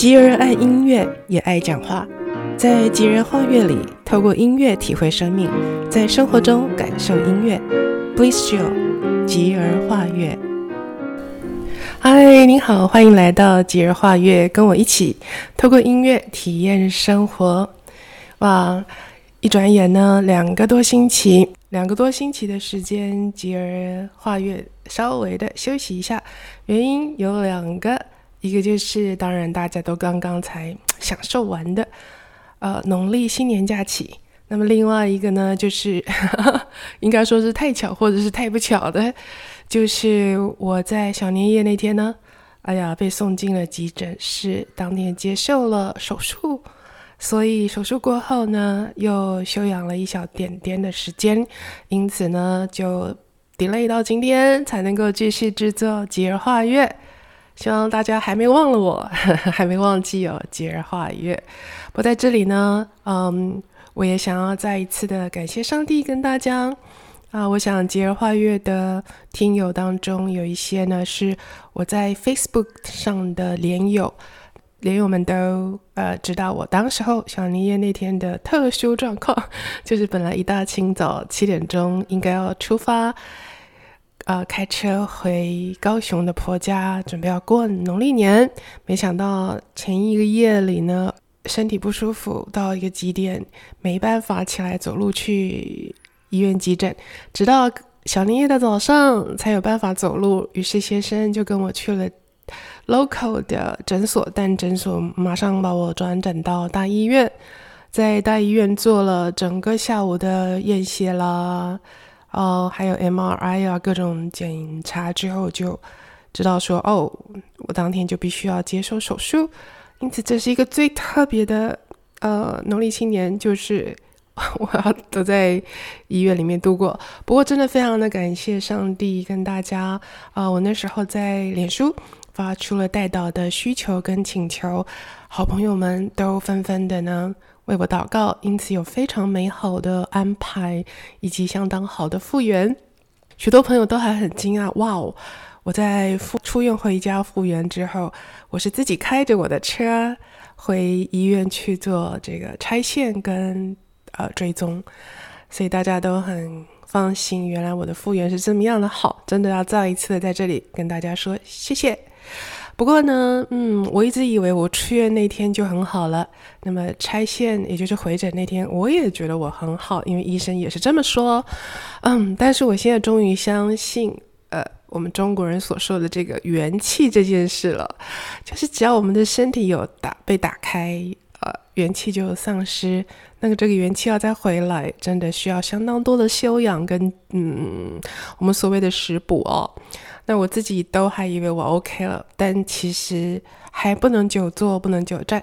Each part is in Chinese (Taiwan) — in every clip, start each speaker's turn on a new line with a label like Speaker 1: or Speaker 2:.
Speaker 1: 吉爾愛音樂，也愛講話。在吉爾畫樂裡，透過音樂體會生命，在生活中感受音樂。Please join 吉爾畫樂。嗨，您好，歡迎來到吉爾畫樂，跟我一起透過音樂體驗生活。哇，一轉眼呢，兩個多星期，兩個多星期的時間，吉爾畫樂稍微的休息一下，原因有兩個。一個就是，當然大家都剛剛才享受完的，呃，農曆新年假期。那麼另外一個呢，就是哈哈哈， 應該說是太巧或者是太不巧的，就是我在小年夜那天呢，哎呀，被送進了急診室，當天接受了手術，所以手術過後呢，又休養了一小點點的時間，因此呢，就 delay 到今天才能夠繼續製作吉爾畫月。希望大家還沒忘了我，呵呵，還沒忘記哦。吉爾畫月，不過在這裡呢。嗯，我也想要再一次的感謝上帝跟大家。啊，我想吉爾畫月的聽友當中有一些呢，是我在 Facebook 上的臉友，臉友們都呃，知道我當時候小年夜那天的特殊狀況，就是本來一大清早七點鐘應該要出發。呃，開車回高雄的婆家，準備要過農曆年。沒想到前一個夜裡呢，身體不舒服到一個極點，沒辦法起來走路，去醫院急診。直到小年夜的早上，才有辦法走路。於是先生就跟我去了 local 的診所，但診所馬上把我轉診到大醫院，在大醫院做了整個下午的驗血啦。哦、呃，還有 MRI 啊，各種檢查之後就知道說，哦，我當天就必須要接受手術。因此，這是一個最特別的，呃，農曆新年，就是我要躲在醫院裡面度過。不過，真的非常的感謝上帝跟大家啊、呃，我那時候在臉書發出了代禱的需求跟請求，好朋友們都紛紛的呢，為我禱告，因此有非常美好的安排，以及相當好的復原。許多朋友都還很驚訝，哇哦！我在出院回家復原之後，我是自己開着我的車回醫院去做這個拆線跟呃追蹤，所以大家都很放心。原來我的復原是這麼樣的好，真的要再一次的在這裡跟大家說謝謝。不過呢，嗯，我一直以為我出院那天就很好了。那麼拆線，也就是回診那天，我也覺得我很好，因為醫生也是這麼說哦。嗯，但是我現在終於相信，呃，我們中國人所說的這個元氣這件事了，就是只要我們的身體有打被打開，呃，元氣就喪失，那個這個元氣要再回來，真的需要相當多的休養跟嗯，我們所謂的食補哦。那我自己都還以為我 OK 了，但其實還不能久坐，不能久站，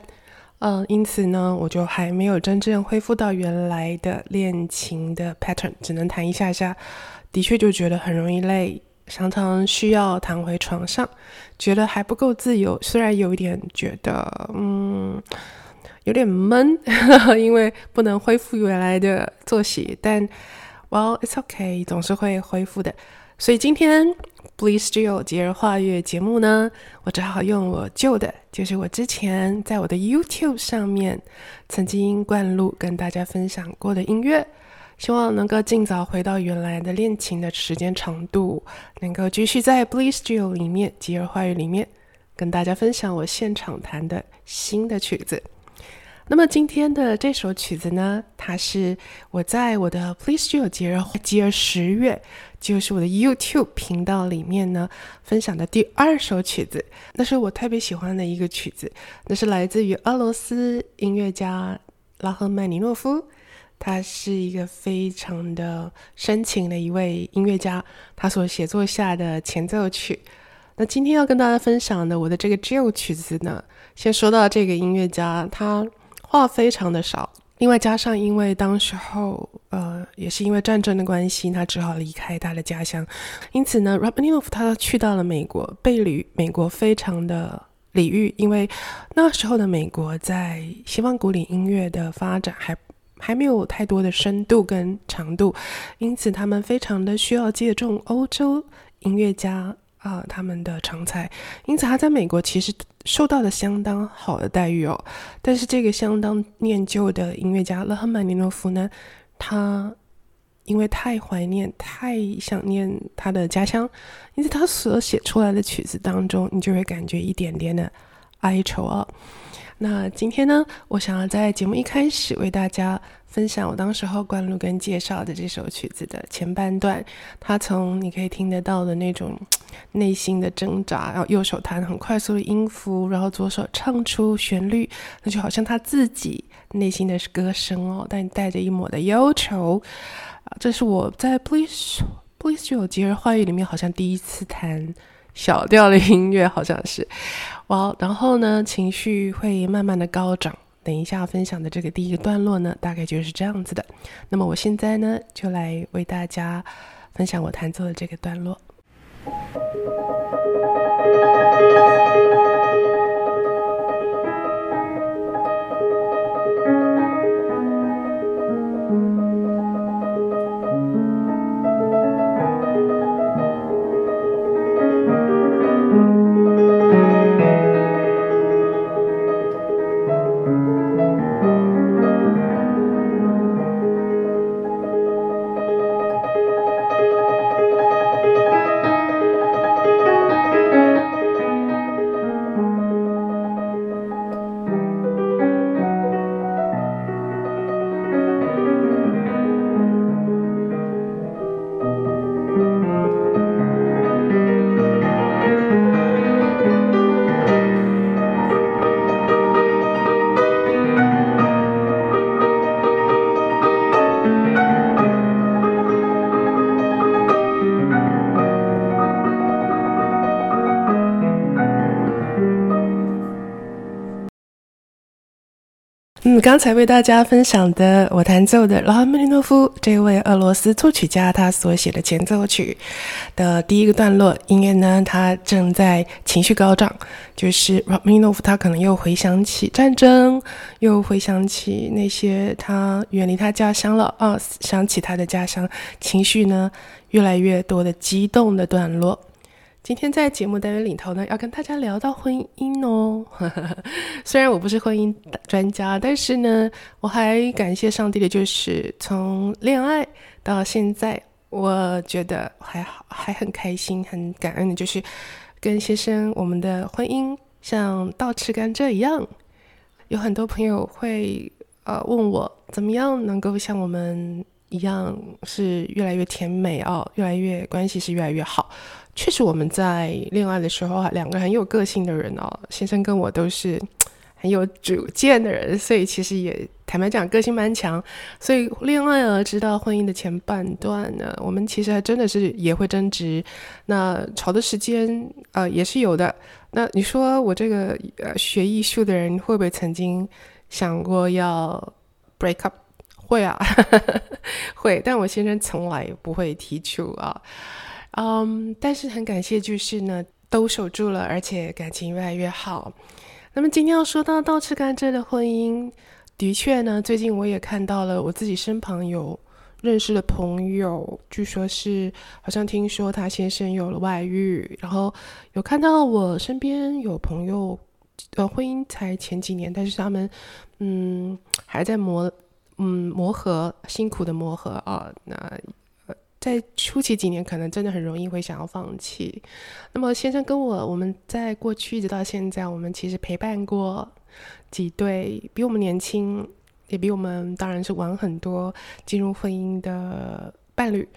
Speaker 1: 嗯，因此呢，我就還沒有真正恢復到原來的練琴的 pattern，只能彈一下下，的確就覺得很容易累，常常需要躺回床上，覺得還不夠自由，雖然有一點覺得嗯。有點悶，呵呵，因為不能恢復原來的作息，但，Well, it's okay，總是會恢復的。所以今天《Bless You》吉爾化越節目呢，我只好用我舊的，就是我之前在我的 YouTube 上面曾經灌錄跟大家分享過的音樂，希望能夠盡早回到原來的練琴的時間長度，能夠繼續在《Bless You》裡面吉爾化越裡面跟大家分享我現場彈的新的曲子。那麼今天的這首曲子呢，它是我在我的 Please Jill Jill 十月，就是我的 YouTube 頻道裡面呢，分享的第二首曲子。那是我特別喜歡的一個曲子，那是來自於俄羅斯音樂家拉赫曼尼諾夫。他是一個非常的深情的一位音樂家，他所寫作下的前奏曲。那今天要跟大家分享的我的這個 Jill 曲子呢，先說到這個音樂家，他。話非常的少，另外加上因為當時候呃，也是因為戰爭的關係，他只好離開他的家鄉，因此呢，Rubinoff 他去到了美國，被離美國非常的禮遇，因為那時候的美國在西方古典音樂的發展還還沒有太多的深度跟長度，因此他們非常的需要借重歐洲音樂家。啊、呃，他們的成才，因此他在美國其實受到了相當好的待遇哦。但是這個相當念舊的音樂家拉赫曼尼諾夫呢，他因為太懷念、太想念他的家鄉，因此他所寫出來的曲子當中，你就會感覺一點點的哀愁啊、哦。那今天呢，我想要在節目一開始為大家分享我當時候灌錄跟介紹的這首曲子的前半段。它從你可以聽得到的那種內心的掙扎，然後右手彈很快速的音符，然後左手唱出旋律，那就好像他自己內心的是歌聲哦，但帶着一抹的憂愁啊。這是我在《Please Please You》節日話語裡面好像第一次彈小調的音樂，好像是。好，wow，然後呢，情緒會慢慢的高漲。等一下分享的這個第一個段落呢，大概就是這樣子的。那麼我現在呢，就來為大家分享我彈奏的這個段落。 剛才為大家分享的，我彈奏的拉赫曼尼諾夫這位俄羅斯作曲家他所寫的前奏曲的第一個段落，音樂呢，他正在情緒高漲，就是拉赫曼尼諾夫他可能又回想起戰爭，又回想起那些他遠離他家鄉了啊，想起他的家鄉，情緒呢越來越多的激動的段落。今天在節目單元裡頭呢，要跟大家聊到婚姻哦。 雖然我不是婚姻專家，但是呢，我還感謝上帝的就是，從戀愛到現在，我覺得還好，還很開心，很感恩的就是，跟先生我們的婚姻像倒吃甘蔗一樣。有很多朋友會呃問我，怎麼樣能夠像我們。一樣是越來越甜美哦，越來越關係是越來越好。確實，我們在戀愛的時候，兩個很有個性的人哦，先生跟我都是很有主見的人，所以其實也坦白講，個性蠻強。所以戀愛啊，直到婚姻的前半段呢，我們其實還真的是也會爭執，那吵的時間啊，呃，也是有的。那你說我這個呃學藝術的人，會不會曾經想過要 break up？會啊呵呵，會，但我先生從來不會提出啊。嗯，um，但是很感謝，就是呢，都守住了，而且感情越來越好。那麼今天要說到倒吃甘蔗的婚姻，的確呢，最近我也看到了，我自己身旁有認識的朋友，據說是好像聽說他先生有了外遇，然後有看到我身邊有朋友，呃，婚姻才前幾年，但是他們，嗯，還在磨。嗯，磨合，辛苦的磨合啊、哦。那呃，在初期幾年，可能真的很容易會想要放棄。那麼，先生跟我，我們在過去一直到現在，我們其實陪伴過幾對比我們年輕，也比我們當然是晚很多進入婚姻的伴侶。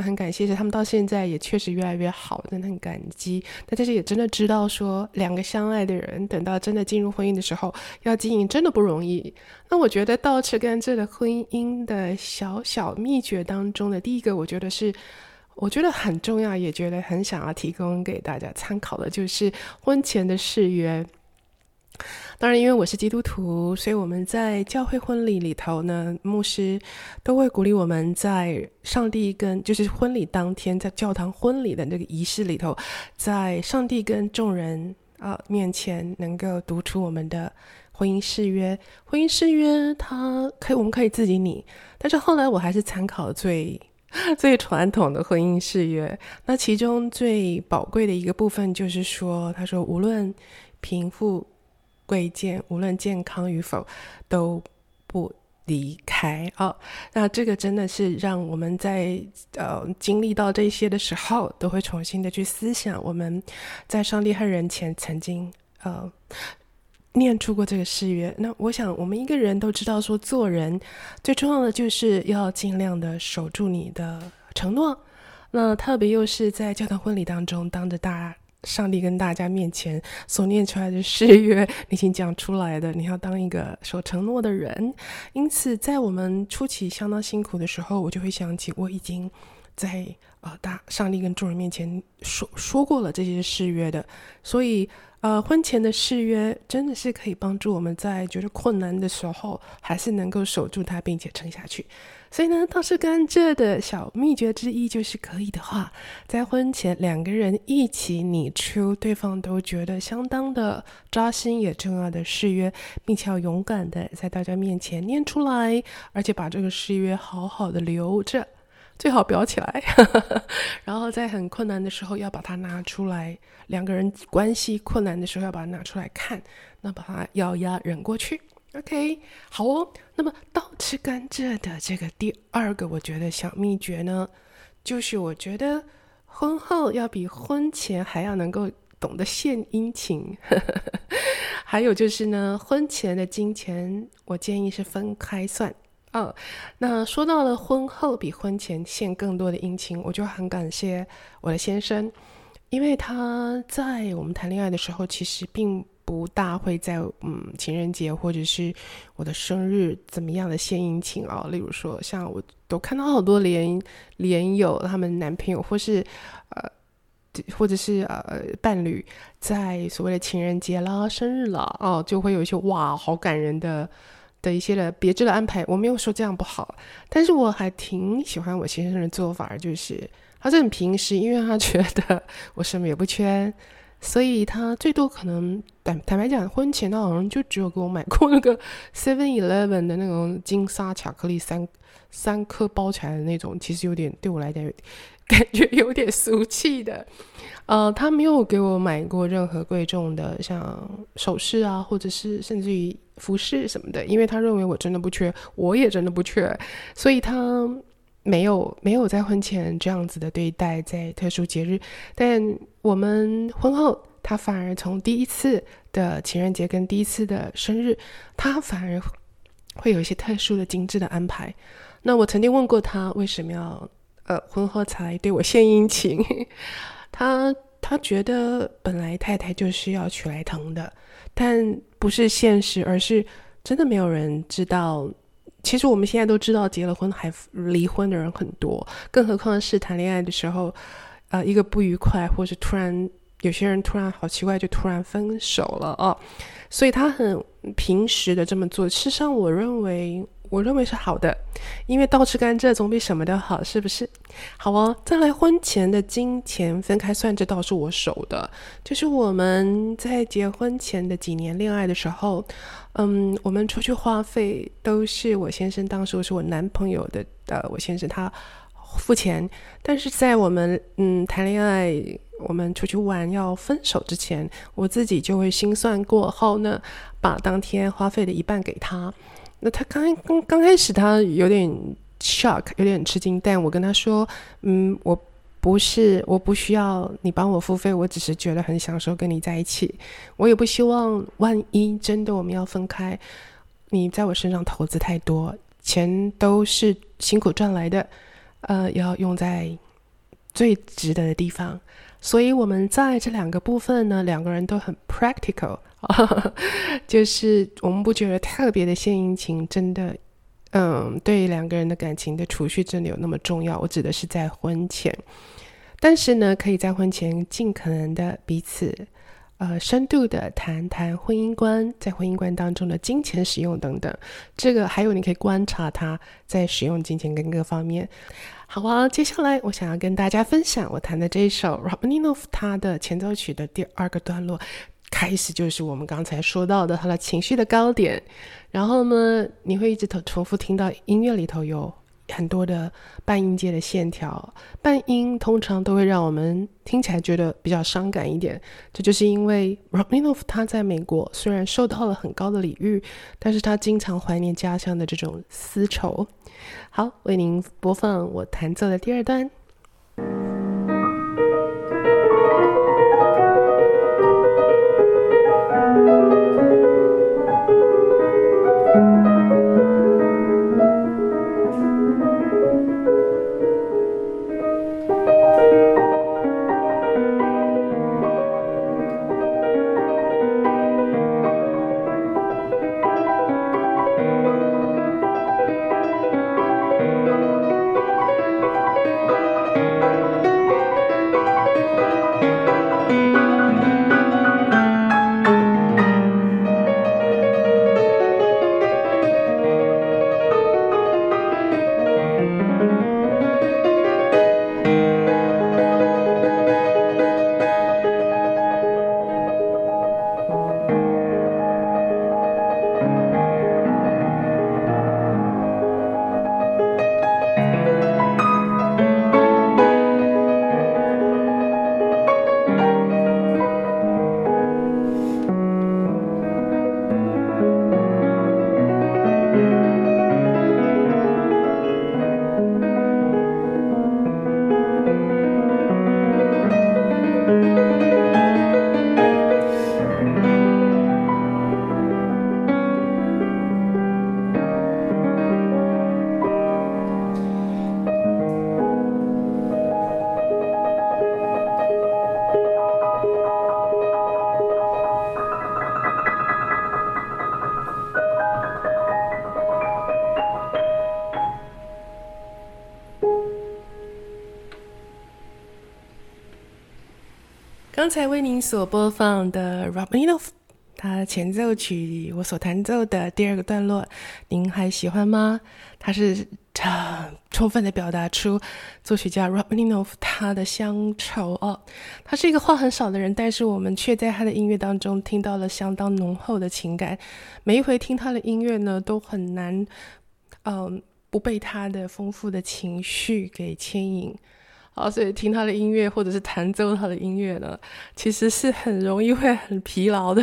Speaker 1: 很感謝，他們到現在也確實越來越好，真的很感激。那但是也真的知道，說兩個相愛的人，等到真的進入婚姻的時候，要經營真的不容易。那我覺得倒吃甘蔗的婚姻的小小秘訣當中的第一個，我覺得是我覺得很重要，也覺得很想要提供給大家參考的，就是婚前的誓約。當然，因為我是基督徒，所以我們在教會婚禮裡頭呢，牧師都會鼓勵我們在上帝跟就是婚禮當天在教堂婚禮的那個儀式裡頭，在上帝跟眾人啊、呃、面前，能夠讀出我們的婚姻誓約。婚姻誓約，他可以，我們可以自己擬，但是後來我還是參考最最傳統的婚姻誓約。那其中最寶貴的一個部分就是說，他說無論貧富。貴賤，無論健康與否，都不離開哦。那這個真的是讓我們在呃經歷到這些的時候，都會重新的去思想，我們在上帝和人前曾經呃念出過這個誓約。那我想，我們一個人都知道，說做人最重要的就是要盡量的守住你的承諾。那特別又是在教堂婚禮當中當着大。上帝跟大家面前所念出來的誓約，你已經講出來的，你要當一個守承諾的人。因此，在我們初期相當辛苦的時候，我就會想起我已經在呃大上帝跟眾人面前說說過了這些誓約的。所以，呃，婚前的誓約真的是可以幫助我們在覺得困難的時候，還是能夠守住它，並且撐下去。所以呢，倒吃甘蔗的小秘訣之一就是，可以的話，在婚前兩個人一起擬出對方都覺得相當的紮心也重要的誓約，並且要勇敢的在大家面前念出來，而且把這個誓約好好的留着，最好裱起來呵呵，然後在很困難的時候要把它拿出來，兩個人關係困難的時候要把它拿出來看，那把它咬牙忍過去。OK，好哦。那麼，倒吃甘蔗的這個第二個，我覺得小祕訣呢，就是我覺得婚後要比婚前還要能夠懂得獻殷勤。 還有就是呢，婚前的金錢，我建議是分開算啊。哦，那說到了婚後比婚前獻更多的殷勤，我就很感謝我的先生，因為他在我們談戀愛的時候，其實並不大會在嗯情人節或者是我的生日怎麼樣的獻殷勤哦，啊，例如說像我都看到好多連連友他們男朋友或是呃，或者是呃伴侶在所謂的情人節啦、生日了哦，就會有一些哇好感人的的一些的別緻的安排。我沒有說這樣不好，但是我還挺喜歡我先生的做法，就是他是很平時，因為他覺得我什麼也不缺。所以他最多可能坦坦白講，婚前他好像就只有給我買過那個 Seven Eleven 的那種金沙巧克力三三顆包起來的那種，其實有點對我來講感覺有點俗氣的。呃，他沒有給我買過任何貴重的，像首飾啊，或者是甚至於服飾什麼的，因為他認為我真的不缺，我也真的不缺，所以他。沒有沒有在婚前這樣子的對待，在特殊節日，但我們婚後，他反而從第一次的情人節跟第一次的生日，他反而會有一些特殊的精緻的安排。那我曾經問過他，為什麼要呃婚後才對我獻殷勤？他他覺得本來太太就是要娶來疼的，但不是現實，而是真的沒有人知道。其實我們現在都知道，結了婚還離婚的人很多，更何況是談戀愛的時候，啊、呃，一個不愉快，或者突然有些人突然好奇怪，就突然分手了哦。所以他很平時的這麼做，事實上我認為我認為是好的，因為倒吃甘蔗總比什麼都好，是不是？好哦，再來，婚前的金錢分開算，這倒是我守的，就是我們在結婚前的幾年戀愛的時候。嗯，我們出去花費都是我先生，當時是我男朋友的，呃，我先生他付錢。但是在我們嗯談戀愛，我們出去玩要分手之前，我自己就會心算過後呢，把當天花費的一半給他。那他剛剛剛開始他有點 shock，有點吃驚，但我跟他說，嗯，我。不是，我不需要你幫我付費，我只是覺得很享受跟你在一起。我也不希望萬一真的我們要分開，你在我身上投資太多，錢都是辛苦賺來的，呃，要用在最值得的地方。所以，我們在這兩個部分呢，兩個人都很 practical， 就是我們不覺得特別的獻殷勤，真的。嗯，對兩個人的感情的儲蓄真的有那麼重要？我指的是在婚前，但是呢，可以在婚前盡可能的彼此呃深度的談談婚姻觀，在婚姻觀當中的金錢使用等等。這個還有你可以觀察他在使用金錢跟各方面。好啊，接下來我想要跟大家分享我彈的這一首 Rachmaninoff 他的前奏曲的第二個段落。開始就是我們剛才說到的他的情緒的高點，然後呢，你會一直重重複聽到音樂裡頭有很多的半音階的線條，半音通常都會讓我們聽起來覺得比較傷感一點。這就是因為拉赫曼尼諾夫他在美國雖然受到了很高的禮遇，但是他經常懷念家鄉的這種絲綢。好，為您播放我彈奏的第二段。剛才為您所播放的《Rachmaninoff》他前奏曲我所彈奏的第二個段落，您還喜歡嗎？他是他、啊、充分的表達出作曲家 Rachmaninoff 他的鄉愁哦。他是一個話很少的人，但是我們卻在他的音樂當中聽到了相當濃厚的情感。每一回聽他的音樂呢，都很難嗯、呃、不被他的豐富的情緒給牽引。好，所以聽他的音樂或者是彈奏他的音樂呢，其實是很容易會很疲勞的。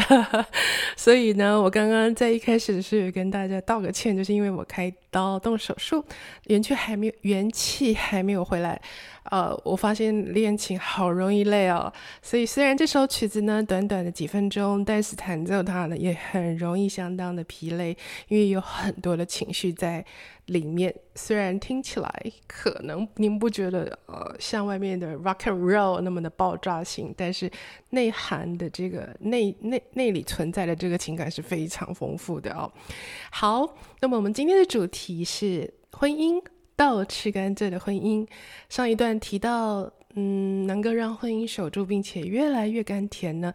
Speaker 1: 所以呢，我剛剛在一開始是跟大家道個歉，就是因為我開刀動手術，元氣還沒有，元氣還沒有回來。呃，我發現練琴好容易累哦，所以雖然這首曲子呢短短的幾分鐘，但是彈奏它呢也很容易相當的疲累，因為有很多的情緒在裡面。雖然聽起來可能您不覺得，呃，像外面的 rock and roll 那麼的爆炸性，但是內涵的這個內內內裡存在的這個情感是非常豐富的哦。好，那麼我們今天的主題是婚姻。倒吃甘蔗的婚姻，上一段提到，嗯，能夠讓婚姻守住並且越來越甘甜呢？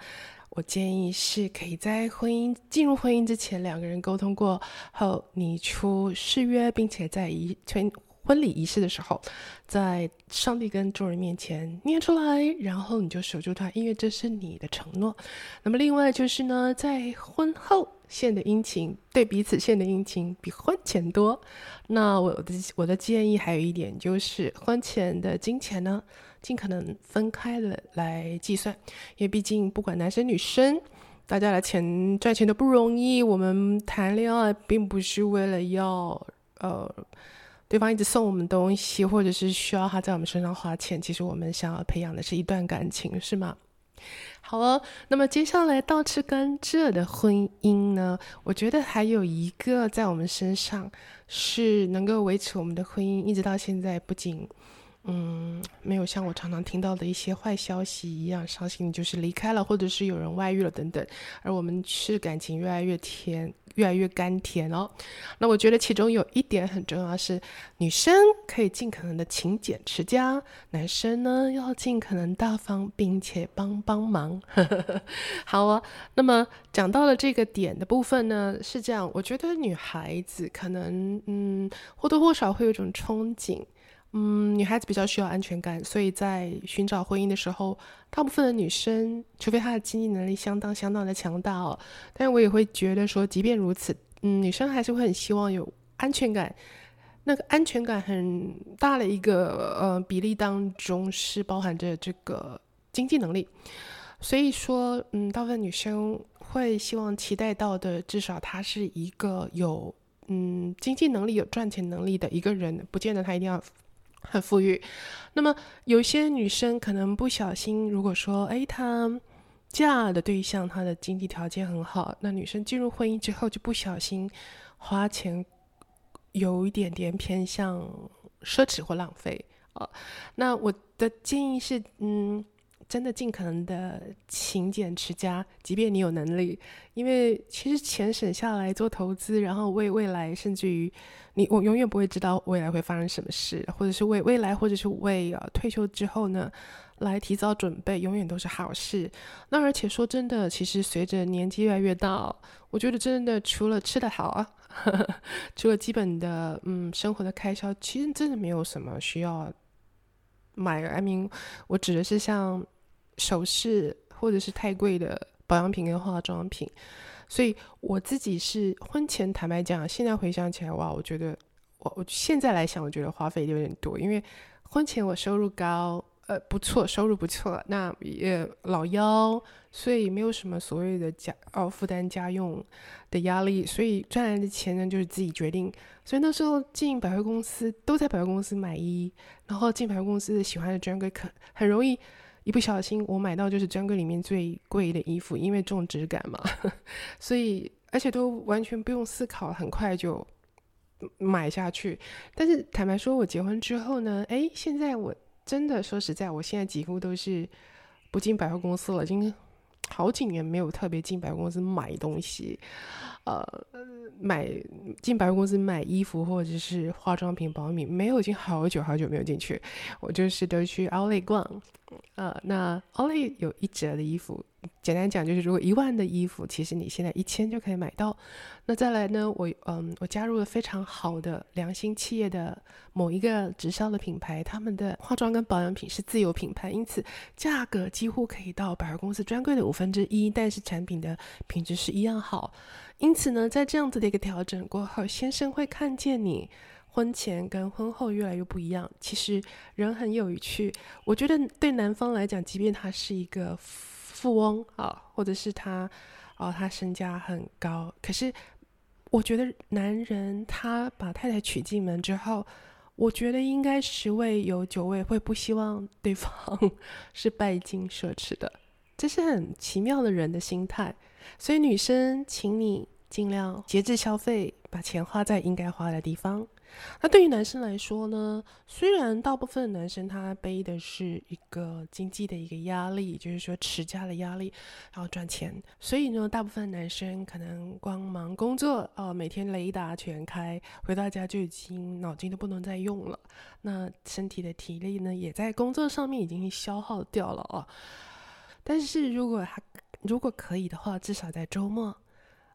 Speaker 1: 我建議是可以在婚姻進入婚姻之前，兩個人溝通過後，你出誓約，並且在儀全婚禮儀式的時候，在上帝跟眾人面前念出來，然後你就守住它，因為這是你的承諾。那麼，另外就是呢，在婚後。獻的殷勤，對彼此獻的殷勤比婚前多。那我的我的建議還有一點就是，婚前的金錢呢，盡可能分開了來計算，因為畢竟不管男生女生，大家的錢賺錢都不容易。我們談戀愛並不是為了要呃對方一直送我們東西，或者是需要他在我們身上花錢。其實我們想要培養的是一段感情，是嗎？好了，哦，那麼接下來倒吃甘蔗的婚姻呢？我覺得還有一個在我們身上是能夠維持我們的婚姻一直到現在，不僅。嗯，沒有像我常常聽到的一些壞消息一樣傷心，就是離開了，或者是有人外遇了等等。而我們是感情越來越甜，越來越甘甜哦。那我覺得其中有一點很重要是，女生可以盡可能的勤儉持家，男生呢要盡可能大方，並且幫幫忙。 好啊，那麼講到了這個點的部分呢，是這樣，我覺得女孩子可能嗯或多或少會有一種憧憬。嗯，女孩子比較需要安全感，所以在尋找婚姻的時候，大部分的女生，除非她的經濟能力相當相當的強大哦。但是我也會覺得說，即便如此，嗯，女生還是會很希望有安全感。那個安全感很大的一個呃比例當中是包含着這個經濟能力，所以說，嗯，大部分女生會希望期待到的，至少她是一個有嗯經濟能力、有賺錢能力的一個人，不見得她一定要。很富裕，那麼有些女生可能不小心，如果說，哎，她嫁的對象她的經濟條件很好，那女生進入婚姻之後就不小心花錢有一點點偏向奢侈或浪費啊、哦。那我的建議是，嗯。真的盡可能的勤儉持家，即便你有能力，因為其實錢省下來做投資，然後為未來，甚至於你我永遠不會知道未來會發生什麼事，或者是為未來，或者是為呃退休之後呢來提早準備，永遠都是好事。那而且說真的，其實隨着年紀越來越大，我覺得真的除了吃得好啊，呵呵除了基本的嗯生活的開銷，其實真的沒有什麼需要買。I mean，我指的是像。首飾或者是太貴的保養品跟化妝品，所以我自己是婚前坦白講，現在回想起來哇，我覺得我我現在來想，我覺得花費有點多，因為婚前我收入高，呃不錯，收入不錯，那也老幺，所以沒有什麼所謂的家哦負擔家用的壓力，所以賺來的錢呢就是自己決定，所以那時候進百貨公司都在百貨公司買衣，然後進百貨公司喜歡的專櫃肯很容易，一不小心，我買到就是專櫃裡面最貴的衣服，因為這種質感嘛，所以而且都完全不用思考，很快就買下去。但是坦白說，我結婚之後呢，哎、欸，現在我真的說實在，我現在幾乎都是不進百貨公司了，已經好幾年沒有特別進百貨公司買東西，呃，買進百貨公司買衣服或者是化妝品、保養品沒有，已經好久好久沒有進去，我就是都去 outlet 逛。呃，uh, 那 Only 有一折的衣服，簡單講就是，如果一萬的衣服，其實你現在一千就可以買到。那再來呢，我嗯，我加入了非常好的良心企業的某一個直銷的品牌，他們的化妝跟保養品是自有品牌，因此價格幾乎可以到百貨公司專櫃的五分之一，但是產品的品質是一樣好。因此呢，在這樣子的一個調整過後，先生會看見你。婚前跟婚後越來越不一樣。其實人很有趣，我覺得對男方來講，即便他是一個富翁啊，或者是他哦、啊，他身價很高，可是我覺得男人他把太太娶進門之後，我覺得應該十位有九位會不希望對方是拜金奢侈的，這是很奇妙的人的心態。所以女生，請你。盡量節制消費，把錢花在應該花的地方。那對於男生來說呢？雖然大部分男生他背的是一個經濟的一個壓力，就是說持家的壓力，然後賺錢。所以呢，大部分男生可能光忙工作哦、呃，每天雷達全開，回到家就已經腦筋都不能再用了。那身體的體力呢，也在工作上面已經消耗掉了啊。但是如果還如果可以的話，至少在周末。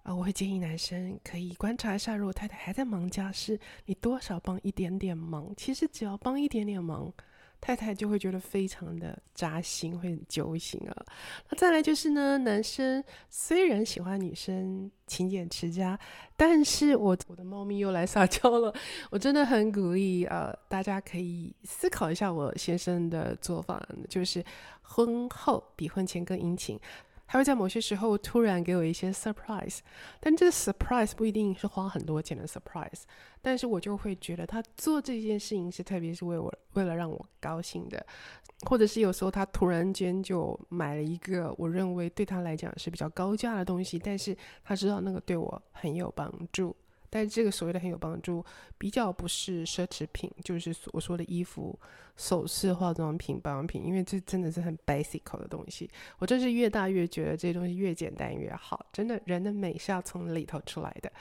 Speaker 1: 啊，我會建議男生可以觀察一下，如果太太還在忙家事，是你多少幫一點點忙。其實只要幫一點點忙，太太就會覺得非常的扎心，會很揪心啊。那再來就是呢，男生雖然喜歡女生勤儉持家，但是我我的貓咪又來撒嬌了。我真的很鼓勵啊、呃，大家可以思考一下我先生的做法，就是婚後比婚前更殷勤。他會在某些時候突然給我一些 surprise，但這個 surprise 不一定是花很多錢的 surprise，但是我就會覺得他做這件事情是特別是為我，為了讓我高興的，或者是有時候他突然間就買了一個我認為對他來講是比較高價的東西，但是他知道那個對我很有幫助。但是這個所謂的很有幫助，比較不是奢侈品，就是我說的衣服、首飾、化妝品、保養品，因為這真的是很 basic 的東西。我真是越大越覺得這些東西越簡單越好，真的人的美是要從裡頭出來的。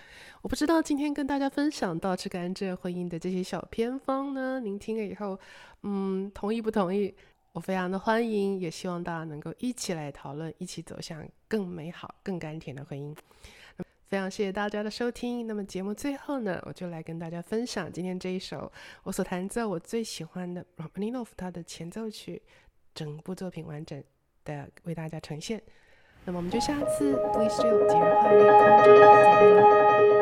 Speaker 1: 我不知道今天跟大家分享倒吃甘蔗婚姻的這些小撇步呢，您聽了以後，嗯，同意不同意？我非常的歡迎，也希望大家能夠一起來討論，一起走向更美好、更甘甜的婚姻。非常謝謝大家的收聽，那麼節目最後呢，我就來跟大家分享今天這一首我所彈奏我最喜歡的拉赫曼尼諾夫他的前奏曲，整部作品完整的為大家呈現。那麼我們就下次 We still 節日快樂，再見了。